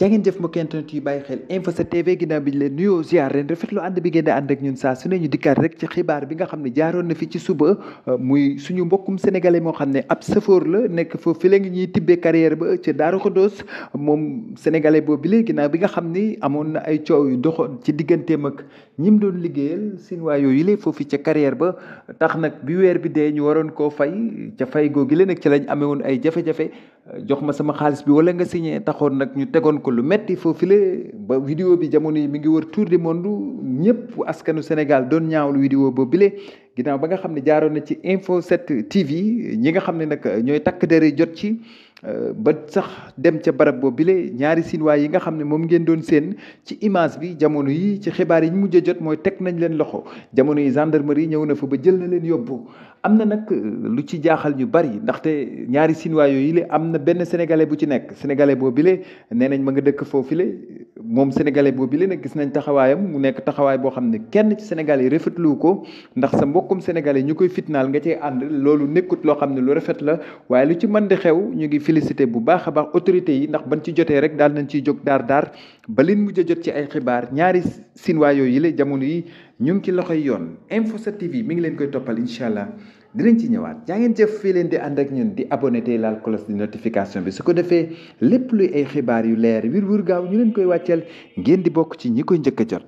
jaa ngeen jëf mbokk internet yu bàyyi xel Info 7 TV ginnaaw bi ñu leen nuyoo ziar leen rafetlu ànd bi ngeen di ànd ak ñun saa su rek xibaar bi nga xam ne jaaroon na fi ci suba euh, muy suñu mbokkum sénégalais moo xam ne ab safoor la nekk foofu fi la ngi ñuy tibbee carrière ba ci Daaru Xudoos moom sénégalais boobu léegi naa bi nga xam ni amoon na ay coow yu doxoon ci digganteem ak ñim doon liggéeyal seen waa yooyu la foofu ca carrière ba tax nag bi weer bi dee ñu waroon koo fay ca fay googu la nag ci lañ amewoon ay jafe-jafe jox ma sama xaalis bi wala nga signé taxoon nag ñu tegoon ko lu metti foofule ba vidéo bi jamono yi mi ngi war tour du monde ñëpp askanu Sénégal doon ñaawlu vidéo boobu bile ginnaaw ba nga xam ne jaaroon na ci info 7 TV ñi nga xam ne nag ñooy takk dere jot ci. ba sax dem ca barab boo bile ñaari sinwaay yi nga xam ne moom ngeen doon seen ci image bi jamono yi ci xibaar yi ñu mujj a jot mooy teg nañ leen loxo jamono yi gendarmerie ñëw na fa ba jël na leen yóbbu am na nag euh, lu ci jaaxal ñu bari ndaxte ñaari sinwaay yooyu le am na benn sénégalais bu ci nekk sénégalais boo bile nee nañ ma nga dëkk foofu le moom sénégalais boobi bi nag gis nañ taxawaayam mu nekk taxawaay boo xam ne kenn ci sénégal sénégalais rafetlu ko ndax sa mbokkum sénégalais ñu koy fitnaal nga cee ànd loolu nekkut loo xam ne lu rafet la waaye lu ci man di xew ñu ngi félicité bu baax a baax autorité yi ndax ban ci jotee rek daal nañ ciy jog daar daar ba leen mujj a jot ci ay xibaar ñaari sinwaa yooyu yi la jamono yi ñu ngi ci loxoy yoon Info 7 TV mi ngi leen koy toppal incha allah dinañ ci ñëwaat jaa ngeen jëf fii leen di ànd ak ñun di abonné laal cloche di notification bi su ko defee lépp luy ay xibaar yu leer wir wur gaaw ñu leen koy wàcceel ngeen di bokk ci ñi koy njëkk a jot